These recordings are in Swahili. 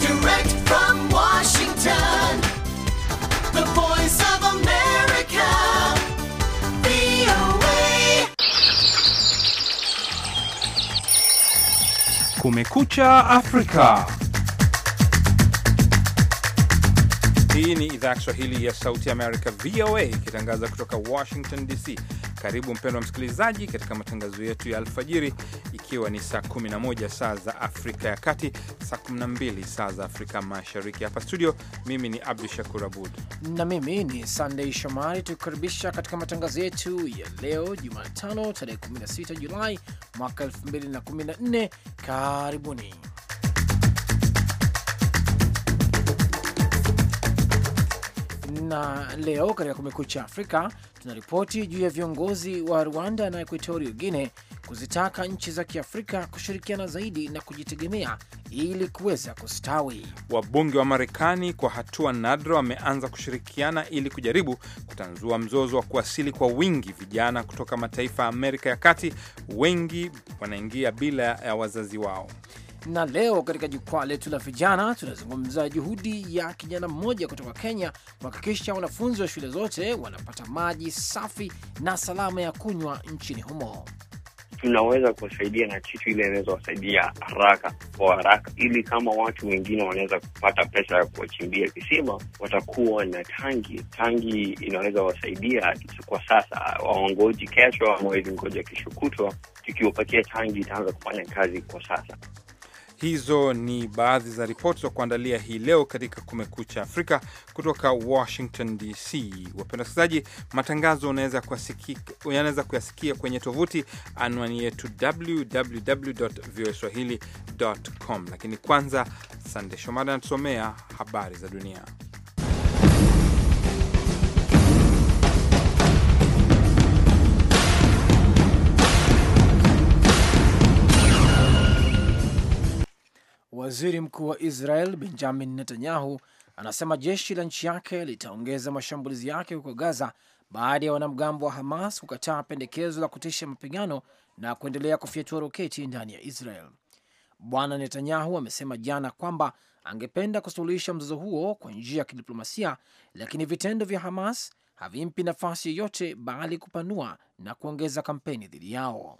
Direct from Washington, the voice of America, VOA. Kumekucha Afrika. Hii ni idhaa ya Kiswahili ya Sauti ya Amerika, VOA, ikitangaza kutoka Washington DC. Karibu mpendwa msikilizaji, katika matangazo yetu ya alfajiri ikiwa ni saa 11 saa za Afrika ya Kati, saa 12 saa za Afrika Mashariki. Hapa studio, mimi ni Abdu Shakur Abud na mimi ni Sandei Shomari, tukikaribisha katika matangazo yetu ya leo Jumatano tarehe 16 Julai mwaka 2014. Karibuni. na leo katika Kumekucha Afrika tunaripoti juu ya viongozi wa Rwanda na ekuatori Guine kuzitaka nchi za Kiafrika kushirikiana zaidi na kujitegemea ili kuweza kustawi. Wabunge wa Marekani kwa hatua nadra wameanza kushirikiana ili kujaribu kutanzua mzozo wa kuwasili kwa wingi vijana kutoka mataifa ya Amerika ya Kati, wengi wanaingia bila ya wazazi wao na leo katika jukwaa letu la vijana tunazungumza juhudi ya kijana mmoja kutoka Kenya kuhakikisha wanafunzi wa shule zote wanapata maji safi na salama ya kunywa nchini humo. Tunaweza kuwasaidia na kitu ile inaweza wasaidia haraka kwa haraka, ili kama watu wengine wanaweza kupata pesa ya kuwachimbia kisima, watakuwa na tangi. Tangi inaweza wasaidia kwa sasa, waongoji kesho ama wezi ngoja kesho kutwa. Tukiwapatia tangi, itaanza kufanya kazi kwa sasa. Hizo ni baadhi za ripoti za kuandalia hii leo katika Kumekucha Afrika kutoka Washington DC. Wapenda wasikilizaji, matangazo yanaweza kuyasikia kwenye tovuti anwani yetu www voa swahili com, lakini kwanza Sande Shomari anatusomea habari za dunia. Waziri mkuu wa Israel Benjamin Netanyahu anasema jeshi la nchi yake litaongeza mashambulizi yake huko Gaza baada ya wanamgambo wa Hamas kukataa pendekezo la kutisha mapigano na kuendelea kufyatua roketi ndani ya Israel. Bwana Netanyahu amesema jana kwamba angependa kusuluhisha mzozo huo kwa njia ya kidiplomasia, lakini vitendo vya Hamas havimpi nafasi yoyote bali kupanua na kuongeza kampeni dhidi yao.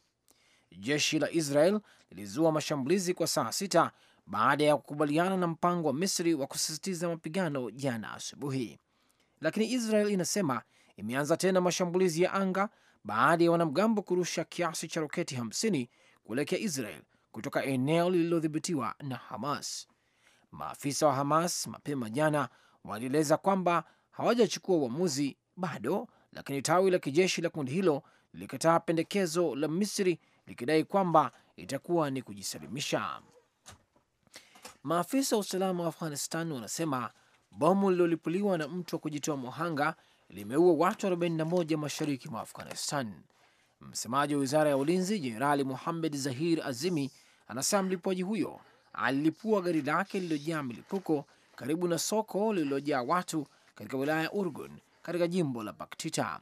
Jeshi la Israel lilizua mashambulizi kwa saa sita baada ya kukubaliana na mpango wa Misri wa kusisitiza mapigano jana asubuhi, lakini Israel inasema imeanza tena mashambulizi ya anga baada ya wanamgambo kurusha kiasi cha roketi 50 kuelekea Israel kutoka eneo lililodhibitiwa na Hamas. Maafisa wa Hamas mapema jana walieleza kwamba hawajachukua uamuzi bado, lakini tawi la kijeshi la kundi hilo lilikataa pendekezo la Misri likidai kwamba itakuwa ni kujisalimisha. Maafisa wa usalama wa Afghanistan wanasema bomu lililolipuliwa na mtu wa kujitoa muhanga limeua watu 41 mashariki mwa Afghanistan. Msemaji wa wizara ya ulinzi Jenerali Muhamed Zahir Azimi anasema mlipuaji huyo alilipua gari lake lililojaa milipuko karibu na soko lililojaa watu katika wilaya ya Urgun katika jimbo la Baktita.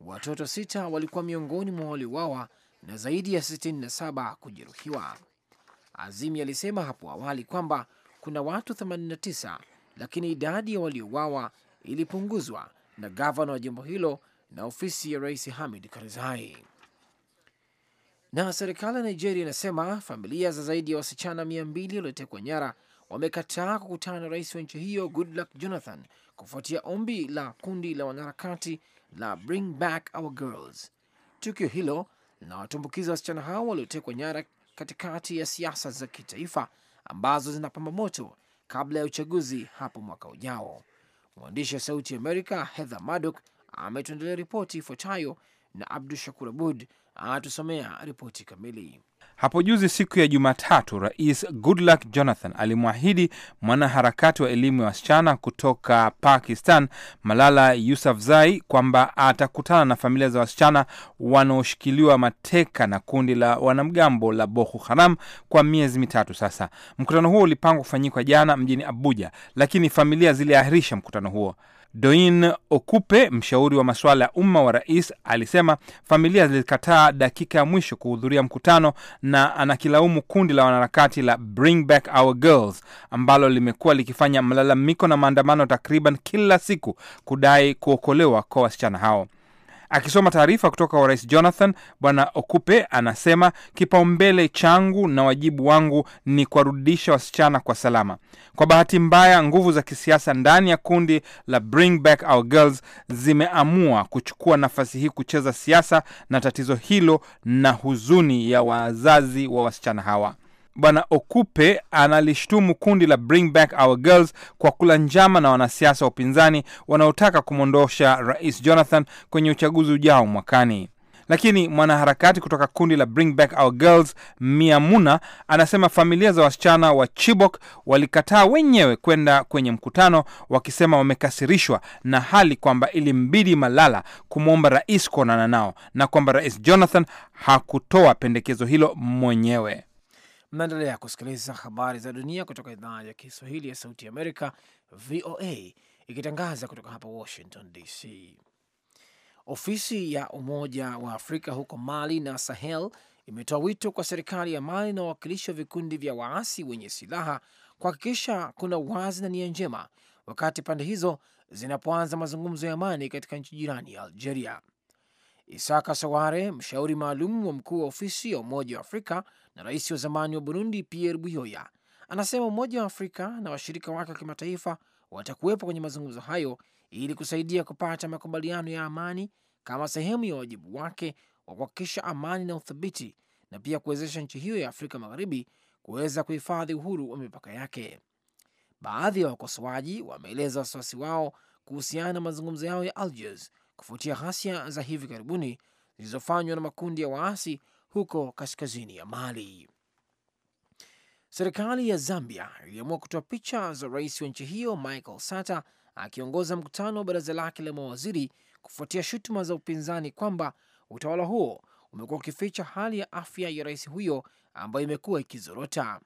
Watoto sita walikuwa miongoni mwa waliuawa na zaidi ya 67 kujeruhiwa. Azimi alisema hapo awali kwamba kuna watu 89 lakini idadi ya waliouawa ilipunguzwa na gavana wa jimbo hilo na ofisi ya rais Hamid Karzai. Na serikali ya Nigeria inasema familia za zaidi ya wasichana 200 waliotekwa nyara wamekataa kukutana na rais wa nchi hiyo Goodluck Jonathan kufuatia ombi la kundi la wanaharakati la Bring Back Our Girls. Tukio hilo linawatumbukiza wasichana hao waliotekwa nyara katikati ya siasa za kitaifa ambazo zinapamba moto kabla ya uchaguzi hapo mwaka ujao. Mwandishi wa Sauti ya Amerika Heather Maddock ametuendelea ripoti ifuatayo, na Abdu Shakur Abud anatusomea ripoti kamili. Hapo juzi siku ya Jumatatu, Rais Goodluck Jonathan alimwahidi mwanaharakati wa elimu ya wasichana kutoka Pakistan Malala Yousafzai kwamba atakutana na familia za wasichana wanaoshikiliwa mateka na kundi la wanamgambo la Boko Haram kwa miezi mitatu sasa. Mkutano huo ulipangwa kufanyika jana mjini Abuja, lakini familia ziliahirisha mkutano huo. Doin Okupe, mshauri wa masuala ya umma wa rais, alisema familia zilikataa dakika ya mwisho kuhudhuria mkutano, na anakilaumu kundi la wanaharakati la Bring Back Our Girls ambalo limekuwa likifanya malalamiko na maandamano takriban kila siku kudai kuokolewa kwa wasichana hao. Akisoma taarifa kutoka kwa Rais Jonathan, Bwana Okupe anasema kipaumbele changu na wajibu wangu ni kuwarudisha wasichana kwa salama. Kwa bahati mbaya, nguvu za kisiasa ndani ya kundi la Bring Back Our Girls zimeamua kuchukua nafasi hii kucheza siasa na tatizo hilo na huzuni ya wazazi wa wasichana hawa. Bwana Okupe analishtumu kundi la Bring Back Our Girls kwa kula njama na wanasiasa wa upinzani wanaotaka kumwondosha Rais Jonathan kwenye uchaguzi ujao mwakani. Lakini mwanaharakati kutoka kundi la Bring Back Our Girls Miamuna anasema familia za wasichana wa Chibok walikataa wenyewe kwenda kwenye mkutano, wakisema wamekasirishwa na hali kwamba ilimbidi Malala kumwomba rais kuonana nao na kwamba Rais Jonathan hakutoa pendekezo hilo mwenyewe. Mnaendelea kusikiliza habari za dunia kutoka idhaa ya Kiswahili ya Sauti ya Amerika, VOA, ikitangaza kutoka hapa Washington DC. Ofisi ya Umoja wa Afrika huko Mali na Sahel imetoa wito kwa serikali ya Mali na wawakilishi wa vikundi vya waasi wenye silaha kuhakikisha kuna uwazi na nia njema wakati pande hizo zinapoanza mazungumzo ya amani katika nchi jirani ya Algeria. Isaka saware mshauri maalum wa mkuu wa ofisi ya Umoja wa Afrika na rais wa zamani wa Burundi Pierre Buyoya anasema Umoja wa Afrika na washirika wake wa kimataifa watakuwepo kwenye mazungumzo hayo ili kusaidia kupata makubaliano ya amani kama sehemu ya wajibu wake wa kuhakikisha amani na uthabiti na pia kuwezesha nchi hiyo ya Afrika Magharibi kuweza kuhifadhi uhuru wa mipaka yake. Baadhi ya wa wakosoaji wameeleza wasiwasi wao kuhusiana na mazungumzo yao ya Algiers kufuatia ghasia za hivi karibuni zilizofanywa na makundi ya waasi huko kaskazini ya Mali. Serikali ya Zambia iliamua kutoa picha za rais wa nchi hiyo Michael Sata akiongoza mkutano wa baraza lake la mawaziri kufuatia shutuma za upinzani kwamba utawala huo umekuwa ukificha hali ya afya ya rais huyo ambayo imekuwa ikizorota.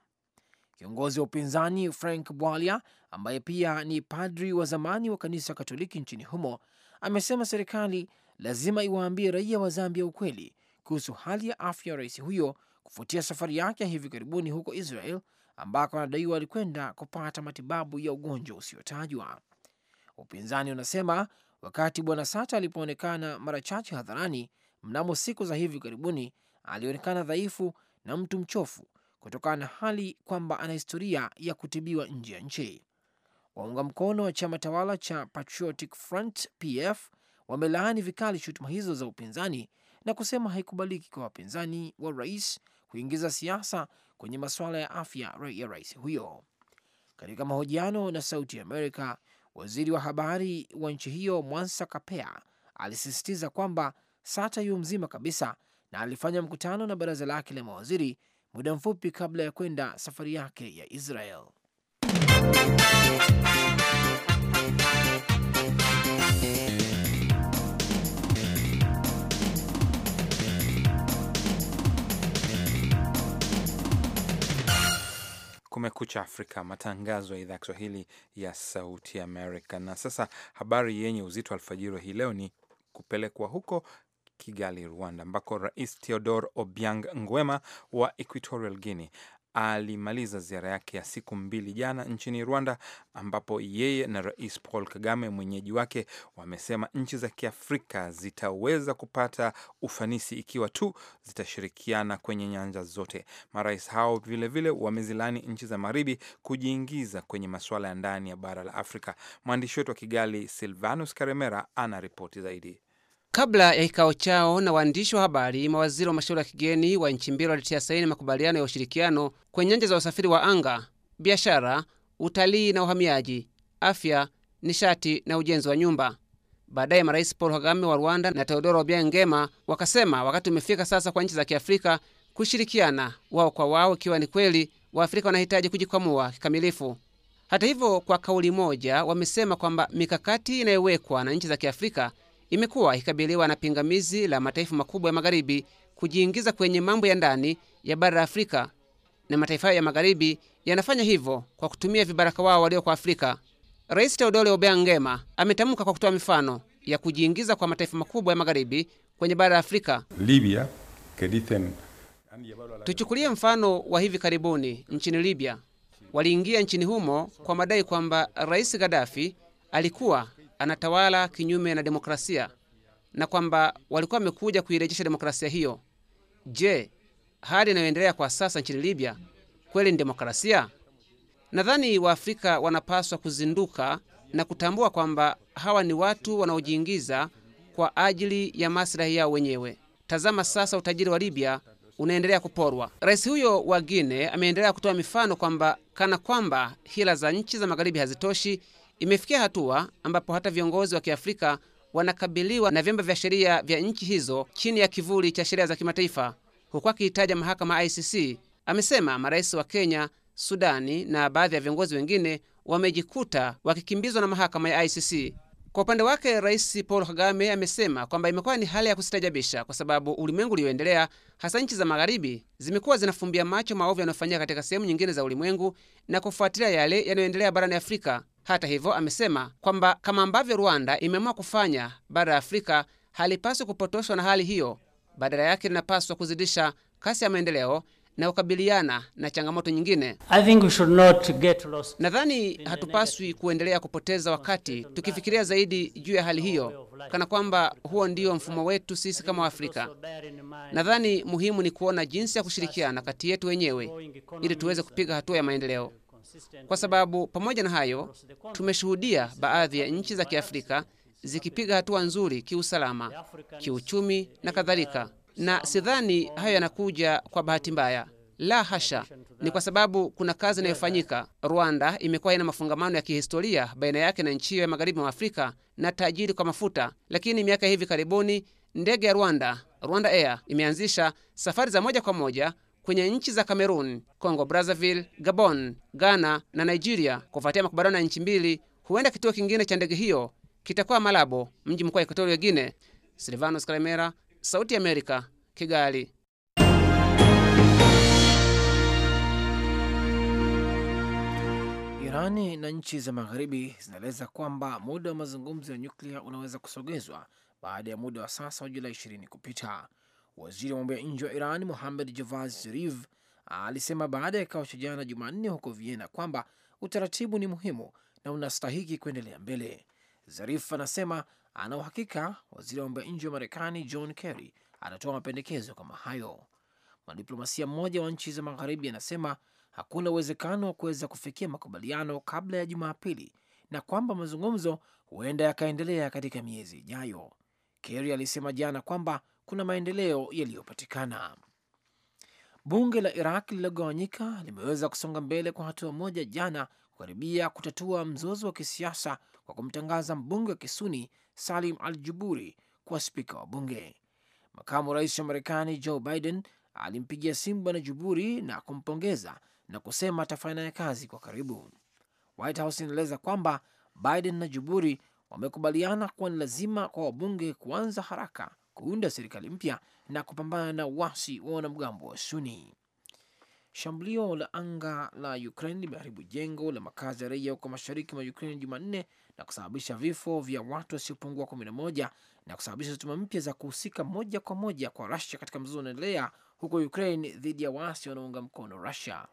Kiongozi wa upinzani Frank Bwalia, ambaye pia ni padri wa zamani wa kanisa Katoliki nchini humo, amesema serikali lazima iwaambie raia wa Zambia ukweli kuhusu hali ya afya ya rais huyo kufuatia safari yake hivi karibuni huko Israel ambako anadaiwa alikwenda kupata matibabu ya ugonjwa usiotajwa. Upinzani unasema wakati bwana Sata alipoonekana mara chache hadharani mnamo siku za hivi karibuni, alionekana dhaifu na mtu mchofu kutokana na hali kwamba ana historia ya kutibiwa nje ya nchi. Waunga mkono wa chama tawala cha Patriotic Front PF wamelaani vikali shutuma hizo za upinzani na kusema haikubaliki kwa wapinzani wa rais kuingiza siasa kwenye masuala ya afya ya rais huyo. Katika mahojiano na Sauti ya Amerika, waziri wa habari wa nchi hiyo Mwansa Kapea alisisitiza kwamba Sata yu mzima kabisa na alifanya mkutano na baraza lake la mawaziri muda mfupi kabla ya kwenda safari yake ya Israel. Kumekucha Afrika, matangazo ya idhaa ya Kiswahili ya Sauti Amerika. Na sasa habari yenye uzito alfajiri hii leo ni kupelekwa huko Kigali, Rwanda, ambako Rais Theodore Obiang Nguema wa Equatorial Guinea alimaliza ziara yake ya siku mbili jana nchini Rwanda, ambapo yeye na Rais Paul Kagame mwenyeji wake wamesema nchi za Kiafrika zitaweza kupata ufanisi ikiwa tu zitashirikiana kwenye nyanja zote. Marais hao vilevile wamezilani nchi za Magharibi kujiingiza kwenye masuala ya ndani ya bara la Afrika. Mwandishi wetu wa Kigali, Silvanus Karemera, ana ripoti zaidi. Kabla ya kikao chao na waandishi wa habari, mawaziri wa mashauri ya kigeni wa nchi mbili walitia saini makubaliano ya ushirikiano kwenye nyanja za usafiri wa anga, biashara, utalii na uhamiaji, afya, nishati na ujenzi wa nyumba. Baadaye marais Paul Kagame wa Rwanda na Teodoro Obiang Ngema wakasema wakati umefika sasa kwa nchi za Kiafrika kushirikiana wao kwa wao, ikiwa ni kweli Waafrika wanahitaji kujikwamua kikamilifu. Hata hivyo, kwa kauli moja wamesema kwamba mikakati inayowekwa na nchi za Kiafrika imekuwa ikikabiliwa na pingamizi la mataifa makubwa ya magharibi kujiingiza kwenye mambo ya ndani ya bara la Afrika, na mataifa hayo ya magharibi yanafanya hivyo kwa kutumia vibaraka wao walio kwa Afrika. Rais Teodore Obiang Nguema ametamka kwa kutoa mifano ya kujiingiza kwa mataifa makubwa ya magharibi kwenye bara la Afrika. Libya, tuchukulie mfano wa hivi karibuni nchini Libya. Waliingia nchini humo kwa madai kwamba Rais Gaddafi alikuwa anatawala kinyume na demokrasia na kwamba walikuwa wamekuja kuirejesha demokrasia hiyo. Je, hali inayoendelea kwa sasa nchini Libya kweli ni demokrasia? Nadhani Waafrika wanapaswa kuzinduka na kutambua kwamba hawa ni watu wanaojiingiza kwa ajili ya maslahi yao wenyewe. Tazama sasa utajiri wa Libya unaendelea kuporwa. Rais huyo wa Guine ameendelea kutoa mifano kwamba kana kwamba hila za nchi za magharibi hazitoshi, Imefikia hatua ambapo hata viongozi wa Kiafrika wanakabiliwa na vyombo vya sheria vya nchi hizo chini ya kivuli cha sheria za kimataifa, huku akiitaja mahakama ICC. Amesema marais wa Kenya, Sudani na baadhi ya viongozi wengine wamejikuta wakikimbizwa na mahakama ya ICC kwa upande wake Rais Paul Kagame amesema kwamba imekuwa ni hali ya kusitajabisha kwa sababu ulimwengu ulioendelea, hasa nchi za magharibi, zimekuwa zinafumbia macho maovu yanayofanyika katika sehemu nyingine za ulimwengu na kufuatilia yale yanayoendelea barani Afrika. Hata hivyo, amesema kwamba kama ambavyo Rwanda imeamua kufanya, bara la Afrika halipaswi kupotoshwa na hali hiyo, badala yake linapaswa kuzidisha kasi ya maendeleo na kukabiliana na changamoto nyingine. Nadhani hatupaswi kuendelea kupoteza wakati tukifikiria zaidi juu ya hali hiyo, kana kwamba huo ndio mfumo wetu sisi kama Waafrika. Nadhani muhimu ni kuona jinsi ya kushirikiana kati yetu wenyewe ili tuweze kupiga hatua ya maendeleo, kwa sababu pamoja na hayo tumeshuhudia baadhi ya nchi za Kiafrika zikipiga hatua nzuri kiusalama, kiuchumi na kadhalika na sidhani hayo yanakuja kwa bahati mbaya. La hasha, ni kwa sababu kuna kazi inayofanyika. Rwanda imekuwa ina mafungamano ya kihistoria baina yake na nchi hiyo ya magharibi mwa Afrika na tajiri kwa mafuta, lakini miaka hivi karibuni ndege ya Rwanda, Rwanda Air, imeanzisha safari za moja kwa moja kwenye nchi za Cameroon, Congo Brazzaville, Gabon, Ghana na Nigeria. Kufuatia makubaliano ya nchi mbili, huenda kituo kingine cha ndege hiyo kitakuwa Malabo, mji mkuu wa Ekuatoria Guine. Silvanos Kalemera, Sauti Amerika, Kigali. Irani na nchi za magharibi zinaeleza kwamba muda wa mazungumzo ya nyuklia unaweza kusogezwa baada ya muda wa sasa wa Julai ishirini kupita. Waziri wa mambo ya nje wa Iran muhamed Javad Zarif alisema baada ya kikao cha jana Jumanne huko Vienna kwamba utaratibu ni muhimu na unastahiki kuendelea mbele. Zarif anasema ana uhakika waziri wa mambo ya nje wa Marekani John Kerry atatoa mapendekezo kama hayo. Mwanadiplomasia mmoja wa nchi za magharibi anasema hakuna uwezekano wa kuweza kufikia makubaliano kabla ya Jumapili na kwamba mazungumzo huenda yakaendelea katika miezi ijayo. Kerry alisema jana kwamba kuna maendeleo yaliyopatikana. Bunge la Iraq lililogawanyika limeweza kusonga mbele kwa hatua moja jana kukaribia kutatua mzozo wa kisiasa kwa kumtangaza mbunge wa Kisuni Salim Al Juburi kuwa spika wa bunge. Makamu rais wa Marekani Joe Biden alimpigia simu bwana Juburi na kumpongeza na kusema atafanya kazi kwa karibu. White House inaeleza kwamba Biden na Juburi wamekubaliana kuwa ni lazima kwa wabunge kuanza haraka kuunda serikali mpya na kupambana na uasi wa wanamgambo wa Suni. Shambulio la anga la Ukraine limeharibu jengo la makazi ya raia huko mashariki mwa Ukraine Jumanne na kusababisha vifo vya watu wasiopungua kumi na kusababisha shutuma mpya za kuhusika moja kwa moja kwa Rusia katika mzozo unaendelea huko Ukraine dhidi ya waasi wanaounga mkono Rusia.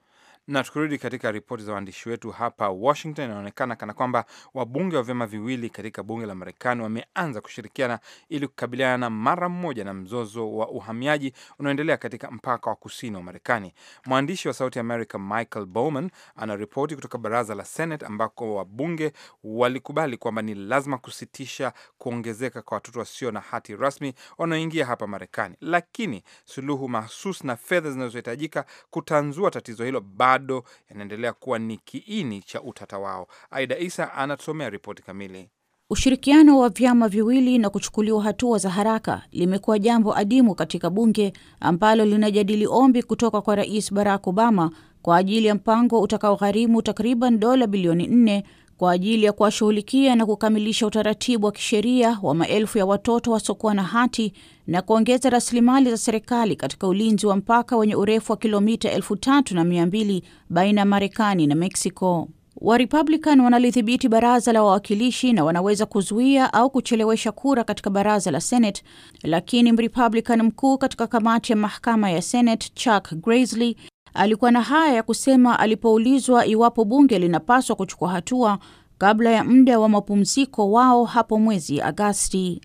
Na tukirudi katika ripoti za waandishi wetu hapa Washington, inaonekana kana kwamba wabunge wa vyama viwili katika bunge la Marekani wameanza kushirikiana ili kukabiliana mara mmoja na mzozo wa uhamiaji unaoendelea katika mpaka wa kusini wa Marekani. Mwandishi wa Sauti America Michael Bowman anaripoti kutoka baraza la Senate ambako wabunge walikubali kwamba ni lazima kusitisha kuongezeka kwa watoto wasio na hati rasmi wanaoingia hapa Marekani, lakini suluhu mahsus na fedha zinazohitajika kutanzua tatizo hilo bado bado yanaendelea kuwa ni kiini cha utata wao. Aida Isa anatusomea ripoti kamili. Ushirikiano wa vyama viwili na kuchukuliwa hatua za haraka limekuwa jambo adimu katika bunge ambalo linajadili ombi kutoka kwa Rais Barack Obama kwa ajili ya mpango utakaogharimu takriban dola bilioni nne kwa ajili ya kuwashughulikia na kukamilisha utaratibu wa kisheria wa maelfu ya watoto wasiokuwa na hati na kuongeza rasilimali za serikali katika ulinzi wa mpaka wenye urefu wa kilomita elfu tatu na mia mbili baina ya Marekani na Meksiko. Warepublican wanalidhibiti baraza la wawakilishi na wanaweza kuzuia au kuchelewesha kura katika baraza la Senate, lakini Mrepublican mkuu katika kamati ya mahakama ya Senate Chuck Grassley Alikuwa na haya ya kusema alipoulizwa iwapo bunge linapaswa kuchukua hatua kabla ya muda wa mapumziko wao hapo mwezi Agasti.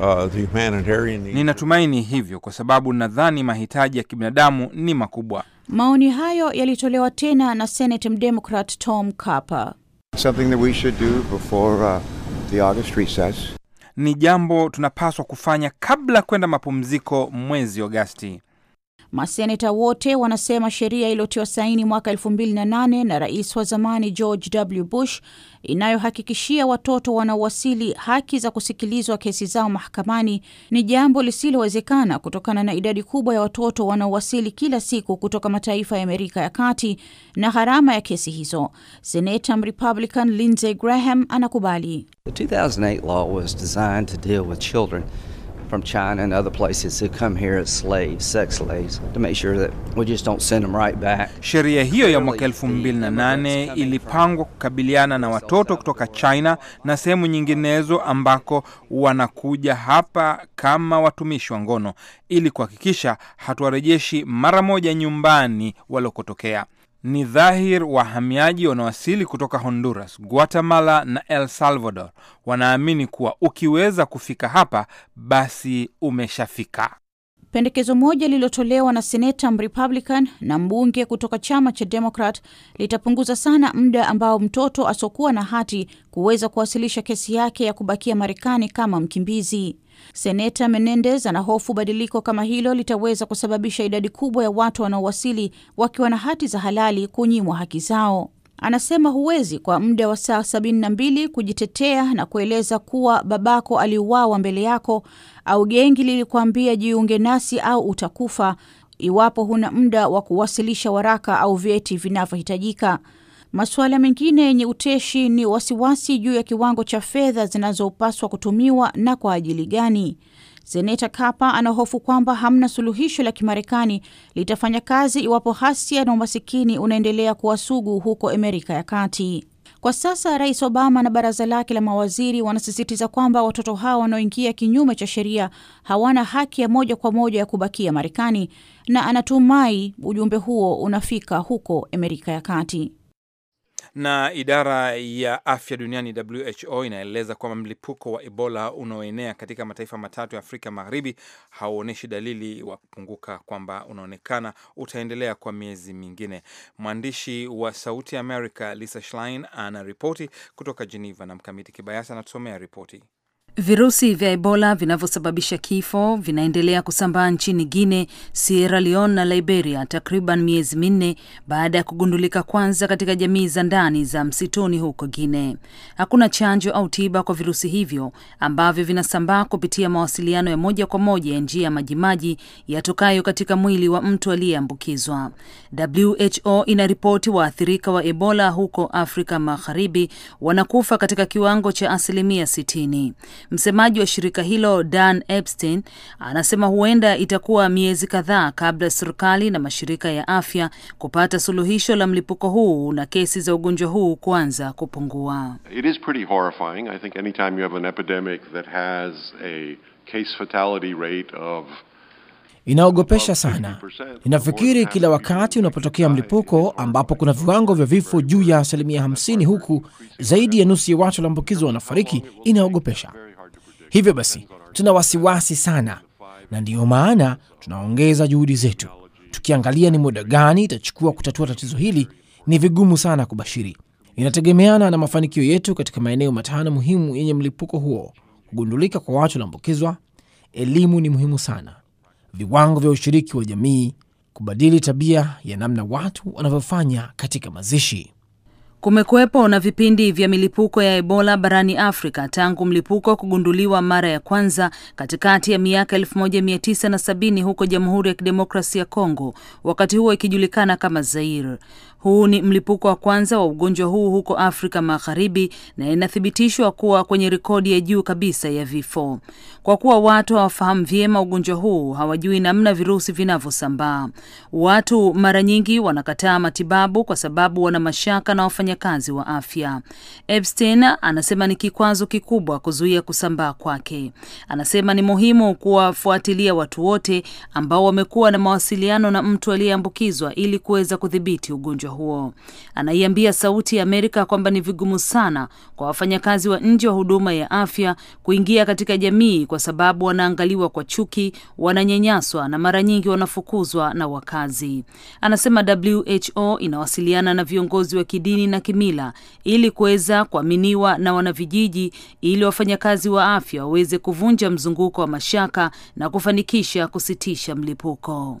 Uh, the humanitarian... Ninatumaini hivyo kwa sababu nadhani mahitaji ya kibinadamu ni makubwa. Maoni hayo yalitolewa tena na Senate Mdemokrat Tom Capa. Something that we should do before, uh, the August recess. Ni jambo tunapaswa kufanya kabla kwenda mapumziko mwezi Agosti. Maseneta wote wanasema sheria iliyotiwa saini mwaka 2008 na rais wa zamani George W. Bush inayohakikishia watoto wanaowasili haki za kusikilizwa kesi zao mahakamani ni jambo lisilowezekana kutokana na idadi kubwa ya watoto wanaowasili kila siku kutoka mataifa ya Amerika ya Kati na gharama ya kesi hizo. Seneta Mrepublican Lindsey Graham anakubali. The 2008 law was designed to deal with children from China and other places who come here as slaves, sex slaves, to make sure that we just don't send them right back. Sheria hiyo ya mwaka 2008 ilipangwa kukabiliana na watoto kutoka China na sehemu nyinginezo ambako wanakuja hapa kama watumishi wa ngono ili kuhakikisha hatuwarejeshi mara moja nyumbani walokotokea. Ni dhahir wahamiaji wanaowasili kutoka Honduras, Guatemala na el Salvador wanaamini kuwa ukiweza kufika hapa basi umeshafika. Pendekezo moja lililotolewa na seneta Mrepublican na mbunge kutoka chama cha Demokrat litapunguza sana muda ambao mtoto asiokuwa na hati kuweza kuwasilisha kesi yake ya kubakia Marekani kama mkimbizi. Seneta Menendez anahofu badiliko kama hilo litaweza kusababisha idadi kubwa ya watu wanaowasili wakiwa na hati za halali kunyimwa haki zao. Anasema huwezi kwa muda wa saa sabini na mbili kujitetea na kueleza kuwa babako aliuawa mbele yako au gengi lilikuambia jiunge nasi au utakufa, iwapo huna muda wa kuwasilisha waraka au vyeti vinavyohitajika. Masuala mengine yenye uteshi ni wasiwasi juu ya kiwango cha fedha zinazopaswa kutumiwa na kwa ajili gani. Seneta Kapa anahofu kwamba hamna suluhisho la Kimarekani litafanya kazi iwapo hasia na umasikini unaendelea kuwa sugu huko Amerika ya Kati. Kwa sasa Rais Obama na baraza lake la mawaziri wanasisitiza kwamba watoto hao wanaoingia kinyume cha sheria hawana haki ya moja kwa moja ya kubakia Marekani, na anatumai ujumbe huo unafika huko Amerika ya Kati. Na idara ya afya duniani WHO inaeleza kwamba mlipuko wa Ebola unaoenea katika mataifa matatu ya Afrika Magharibi hauonyeshi dalili wa kupunguka, kwamba unaonekana utaendelea kwa miezi mingine. Mwandishi wa Sauti ya Amerika Lisa Schlein anaripoti kutoka Geneva na Mkamiti Kibayasi anatusomea ripoti. Virusi vya Ebola vinavyosababisha kifo vinaendelea kusambaa nchini guine Sierra Leone na Liberia takriban miezi minne baada ya kugundulika kwanza katika jamii za ndani za msituni huko guine Hakuna chanjo au tiba kwa virusi hivyo ambavyo vinasambaa kupitia mawasiliano ya moja kwa moja ya njia ya majimaji yatokayo katika mwili wa mtu aliyeambukizwa. WHO inaripoti waathirika wa Ebola huko Afrika Magharibi wanakufa katika kiwango cha asilimia sitini. Msemaji wa shirika hilo Dan Epstein anasema huenda itakuwa miezi kadhaa kabla serikali na mashirika ya afya kupata suluhisho la mlipuko huu na kesi za ugonjwa huu kuanza kupungua. It is pretty horrifying. I think anytime you have an epidemic that has a case fatality rate of Inaogopesha sana. Ninafikiri kila wakati unapotokea mlipuko ambapo kuna viwango vya vifo juu ya asilimia 50, huku zaidi ya nusu ya watu walioambukizwa wanafariki, inaogopesha. Hivyo basi tuna wasiwasi sana, na ndiyo maana tunaongeza juhudi zetu. Tukiangalia ni muda gani itachukua kutatua tatizo hili, ni vigumu sana kubashiri. Inategemeana na mafanikio yetu katika maeneo matano muhimu yenye mlipuko huo. Kugundulika kwa watu wanaambukizwa, elimu ni muhimu sana, viwango vya ushiriki wa jamii, kubadili tabia ya namna watu wanavyofanya katika mazishi. Kumekuwepo na vipindi vya milipuko ya Ebola barani Afrika tangu mlipuko kugunduliwa mara ya kwanza katikati ya miaka 1970 huko Jamhuri ya Kidemokrasia ya Kongo, wakati huo ikijulikana kama Zaire. Huu ni mlipuko wa kwanza wa ugonjwa huu huko Afrika Magharibi na inathibitishwa kuwa kwenye rekodi ya juu kabisa ya vifo. Kwa kuwa watu hawafahamu vyema ugonjwa huu, hawajui namna virusi vinavyosambaa. Watu mara nyingi wanakataa matibabu kwa sababu wana mashaka na wafanyakazi wa afya. Epstein anasema ni kikwazo kikubwa kuzuia kusambaa kwake. Anasema ni muhimu kuwafuatilia watu wote ambao wamekuwa na mawasiliano na mtu aliyeambukizwa ili kuweza kudhibiti ugonjwa ugonjwa huo. Anaiambia Sauti ya Amerika kwamba ni vigumu sana kwa wafanyakazi wa nje wa huduma ya afya kuingia katika jamii kwa sababu wanaangaliwa kwa chuki, wananyanyaswa na mara nyingi wanafukuzwa na wakazi. Anasema WHO inawasiliana na viongozi wa kidini na kimila ili kuweza kuaminiwa na wanavijiji ili wafanyakazi wa afya waweze kuvunja mzunguko wa mashaka na kufanikisha kusitisha mlipuko.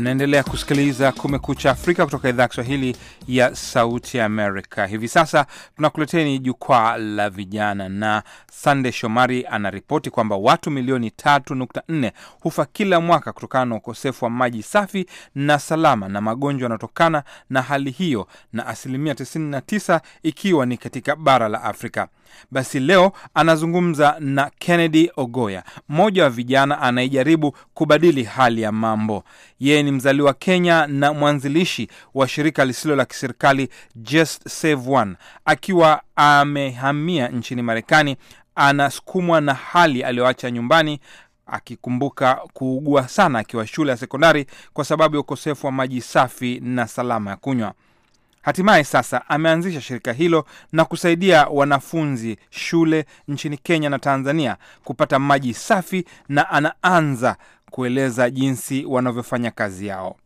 Mnaendelea kusikiliza Kumekucha Afrika kutoka idhaa ya Kiswahili ya Sauti ya Amerika. Hivi sasa tunakuleteni Jukwaa la Vijana, na Sande Shomari anaripoti kwamba watu milioni 3.4 hufa kila mwaka kutokana na ukosefu wa maji safi na salama na magonjwa yanayotokana na hali hiyo, na asilimia 99 ikiwa ni katika bara la Afrika. Basi leo anazungumza na Kennedy Ogoya, mmoja wa vijana anayejaribu kubadili hali ya mambo. Yeye ni mzaliwa wa Kenya na mwanzilishi wa shirika lisilo la kiserikali Just Save One. Akiwa amehamia nchini Marekani, anasukumwa na hali aliyoacha nyumbani akikumbuka kuugua sana akiwa shule ya sekondari kwa sababu ya ukosefu wa maji safi na salama ya kunywa. Hatimaye sasa ameanzisha shirika hilo na kusaidia wanafunzi shule nchini Kenya na Tanzania kupata maji safi, na anaanza kueleza jinsi wanavyofanya kazi yao.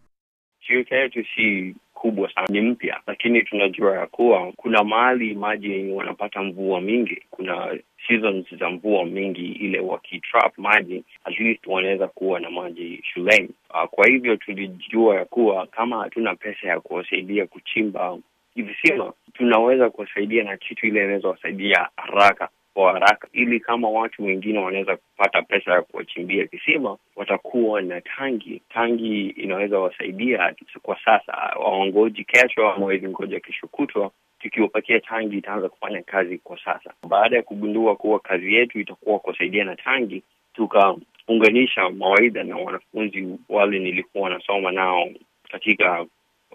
Shirika yetu si kubwa sana, ni mpya, lakini tunajua ya kuwa kuna mahali maji yenye wanapata mvua mingi, kuna seasons za mvua mingi, ile wakitrap maji at least wanaweza kuwa na maji shuleni. Ah, kwa hivyo tulijua ya kuwa kama hatuna pesa ya kuwasaidia kuchimba visima, tunaweza kuwasaidia na kitu ile inaweza wasaidia haraka kwa haraka, ili kama watu wengine wanaweza kupata pesa ya kuwachimbia kisima, watakuwa na tangi. Tangi inaweza wasaidia kwa sasa, waongoji kesho ama ngoja kesho kutwa tukiwapatia tangi itaanza kufanya kazi kwa sasa. Baada ya kugundua kuwa kazi yetu itakuwa kusaidia na tangi, tukaunganisha mawaidha na wanafunzi wale nilikuwa wanasoma nao katika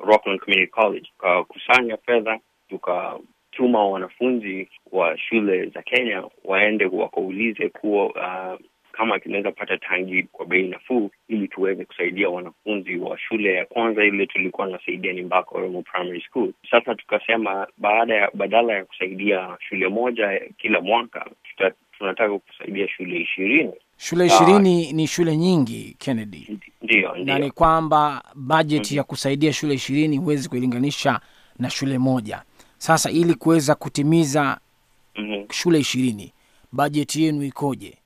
Rockland Community College, tukakusanya fedha, tukatuma wanafunzi wa shule za Kenya waende wakaulize kuwa uh, kama tunaweza pata tangi kwa bei nafuu, ili tuweze kusaidia wanafunzi wa shule ya kwanza ile tulikuwa nasaidia ni Mbako Oromo Primary School. Sasa tukasema baada ya badala ya kusaidia shule moja kila mwaka tuta, tunataka kusaidia shule ishirini. Shule ah, ishirini ni shule nyingi Kennedy, Na ni kwamba bajeti mm, mm-hmm. ya kusaidia shule ishirini huwezi kuilinganisha na shule moja. Sasa ili kuweza kutimiza mm -hmm. shule ishirini bajeti yenu ikoje?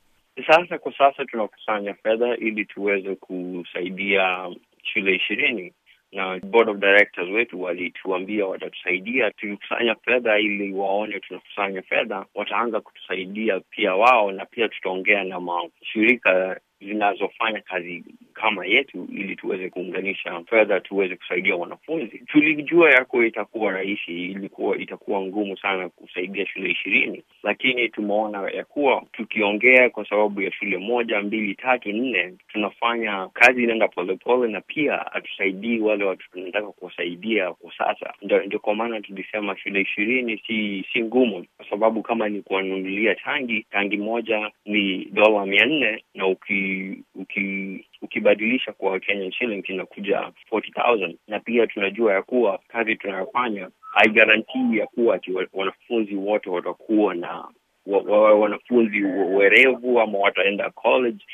Sasa kwa sasa tunakusanya fedha ili tuweze kusaidia shule ishirini na board of directors wetu walituambia watatusaidia tukikusanya fedha, ili waone tunakusanya fedha, wataanza kutusaidia pia wao, na pia tutaongea na mashirika zinazofanya kazi kama yetu, ili tuweze kuunganisha fedha, tuweze kusaidia wanafunzi. Tulijua yako itakuwa rahisi, ilikuwa itakuwa ngumu sana kusaidia shule ishirini, lakini tumeona ya kuwa tukiongea kwa sababu ya shule moja mbili tatu nne, tunafanya kazi inaenda polepole, na pia hatusaidii wale watu tunataka kuwasaidia kwa sasa. Ndio kwa maana tulisema shule ishirini si si ngumu, kwa sababu kama ni kuwanunulia tangi, tangi moja ni dola mia nne na uki uki, uki ukibadilisha kwa Kenyan shilling inakuja 40,000 na pia tunajua ya kuwa kazi tunayofanya haigarantii ya kuwa ati wanafunzi wote watakuwa na wa, wa, wanafunzi werevu ama wataenda college.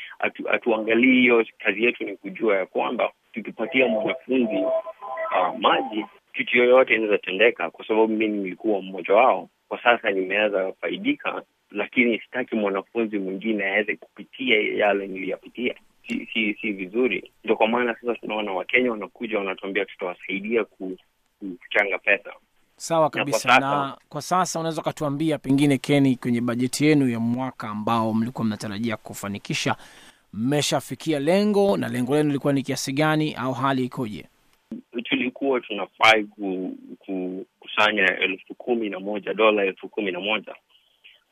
Hatuangalii hiyo. Kazi yetu ni kujua ya kwamba tukipatia mwanafunzi uh, maji, kitu yoyote inaweza tendeka, kwa sababu mimi nilikuwa mmoja wao. Kwa sasa nimeweza faidika lakini sitaki mwanafunzi mwingine aweze kupitia yale niliyapitia. Si, si, si vizuri. Ndio kwa maana sasa tunaona Wakenya wanakuja wanatuambia tutawasaidia kuchanga pesa. Sawa kabisa. Na kwa sasa, na kwa sasa unaweza ukatuambia pengine, Keni, kwenye bajeti yenu ya mwaka ambao mlikuwa mnatarajia kufanikisha, mmeshafikia lengo na lengo lenu lilikuwa ni kiasi gani au hali ikoje? Tulikuwa tunafai kukusanya elfu kumi na moja dola elfu kumi na moja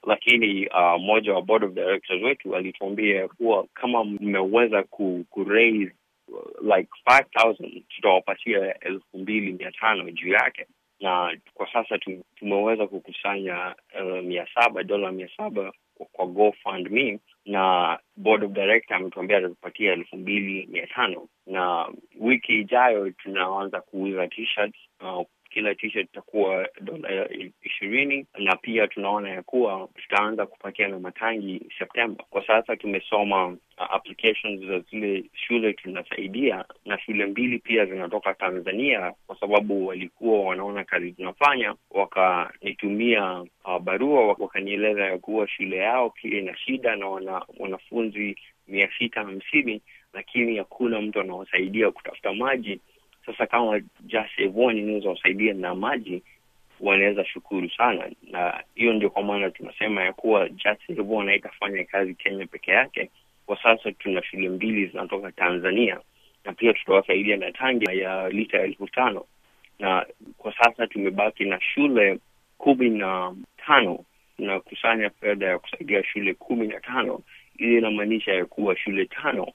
lakini uh, mmoja wa board of directors wetu alituambia kuwa kama mmeweza ku, ku raise uh, like 5000 tutawapatia elfu mbili mia tano juu yake, na kwa sasa tumeweza kukusanya uh, mia saba dola mia saba kwa me na board of director ametuambia atatupatia elfu mbili mia tano na wiki ijayo tunaanza kuuza t-shirts uh, kila tisha itakuwa dola ishirini na pia tunaona ya kuwa tutaanza kupakia na matangi Septemba. Kwa sasa tumesoma uh, applications za zile shule tunasaidia, na shule mbili pia zinatoka Tanzania, kwa sababu walikuwa wanaona kazi tunafanya, wakanitumia uh, barua, wakanieleza ya kuwa shule yao pia ina shida na wana wanafunzi mia sita hamsini, lakini hakuna mtu anaosaidia kutafuta maji sasa kama Jasevoni wasaidia na maji, wanaweza shukuru sana, na hiyo ndio kwa maana tunasema ya kuwa Jasevoni haitafanya kazi Kenya peke yake. Kwa sasa tuna shule mbili zinatoka Tanzania na pia tutawasaidia na tangi ya lita elfu tano na kwa sasa tumebaki na shule kumi na tano kusanya fedha ya kusaidia shule kumi na tano. ili inamaanisha ya kuwa shule tano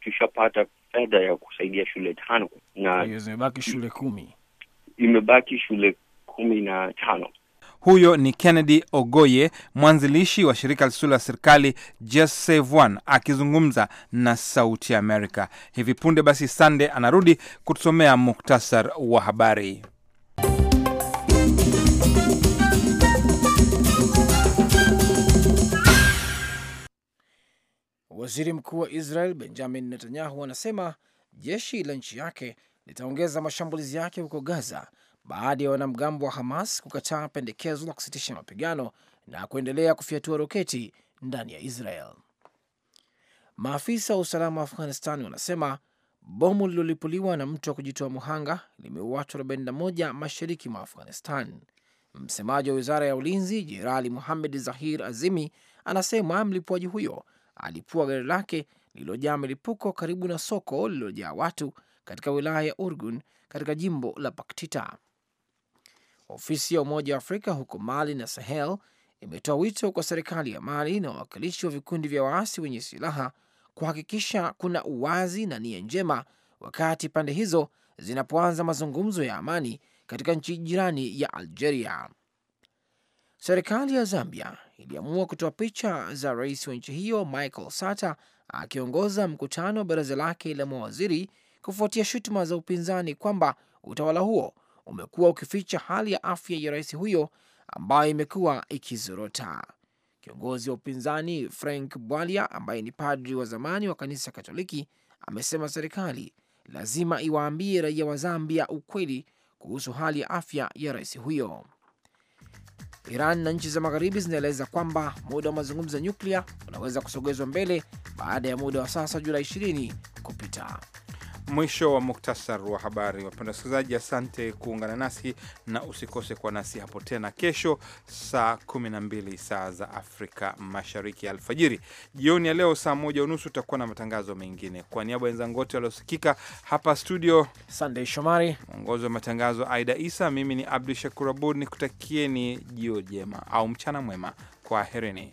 tushapata fedha ya kusaidia shule tano na zimebaki shule kumi imebaki shule kumi na tano. Huyo ni Kennedy Ogoye, mwanzilishi wa shirika lisilo la serikali Just akizungumza na Sauti america Amerika hivi punde. Basi Sande anarudi kutusomea muktasar wa habari. Waziri mkuu wa Israel Benjamin Netanyahu anasema jeshi la nchi yake litaongeza mashambulizi yake huko Gaza baada ya wanamgambo wa Hamas kukataa pendekezo la kusitisha mapigano na kuendelea kufyatua roketi ndani ya Israel. Maafisa wa usalama wa Afghanistani wanasema bomu lililolipuliwa na mtu wa kujitoa muhanga limeua watu 41 mashariki mwa Afghanistan. Msemaji wa wizara ya ulinzi Jenerali Muhamed Zahir Azimi anasema mlipuaji huyo alipua gari lake lililojaa milipuko karibu na soko lililojaa watu katika wilaya ya Urgun katika jimbo la Paktita. Ofisi ya Umoja wa Afrika huko Mali na Sahel imetoa wito kwa serikali ya Mali na wawakilishi wa vikundi vya waasi wenye silaha kuhakikisha kuna uwazi na nia njema wakati pande hizo zinapoanza mazungumzo ya amani katika nchi jirani ya Algeria. Serikali ya Zambia iliamua kutoa picha za rais wa nchi hiyo Michael Sata akiongoza mkutano wa baraza lake la mawaziri kufuatia shutuma za upinzani kwamba utawala huo umekuwa ukificha hali ya afya ya rais huyo ambayo imekuwa ikizorota. Kiongozi wa upinzani Frank Bwalia ambaye ni padri wa zamani wa kanisa Katoliki amesema serikali lazima iwaambie raia wa Zambia ukweli kuhusu hali ya afya ya rais huyo. Iran na nchi za magharibi zinaeleza kwamba muda wa mazungumzo ya nyuklia unaweza kusogezwa mbele baada ya muda wa sasa Julai 20 kupita. Mwisho wa muktasar wa habari. Wapenda wasikilizaji, asante kuungana nasi na usikose kuwa nasi hapo tena kesho saa 12 saa za Afrika Mashariki alfajiri. Jioni ya leo saa moja unusu utakuwa na matangazo mengine. Kwa niaba ya wenzangu wote waliosikika hapa studio, Sandey Shomari mwongozi wa matangazo, Aida Isa, mimi ni Abdu Shakur Abud nikutakieni jio jema au mchana mwema. kwa herini.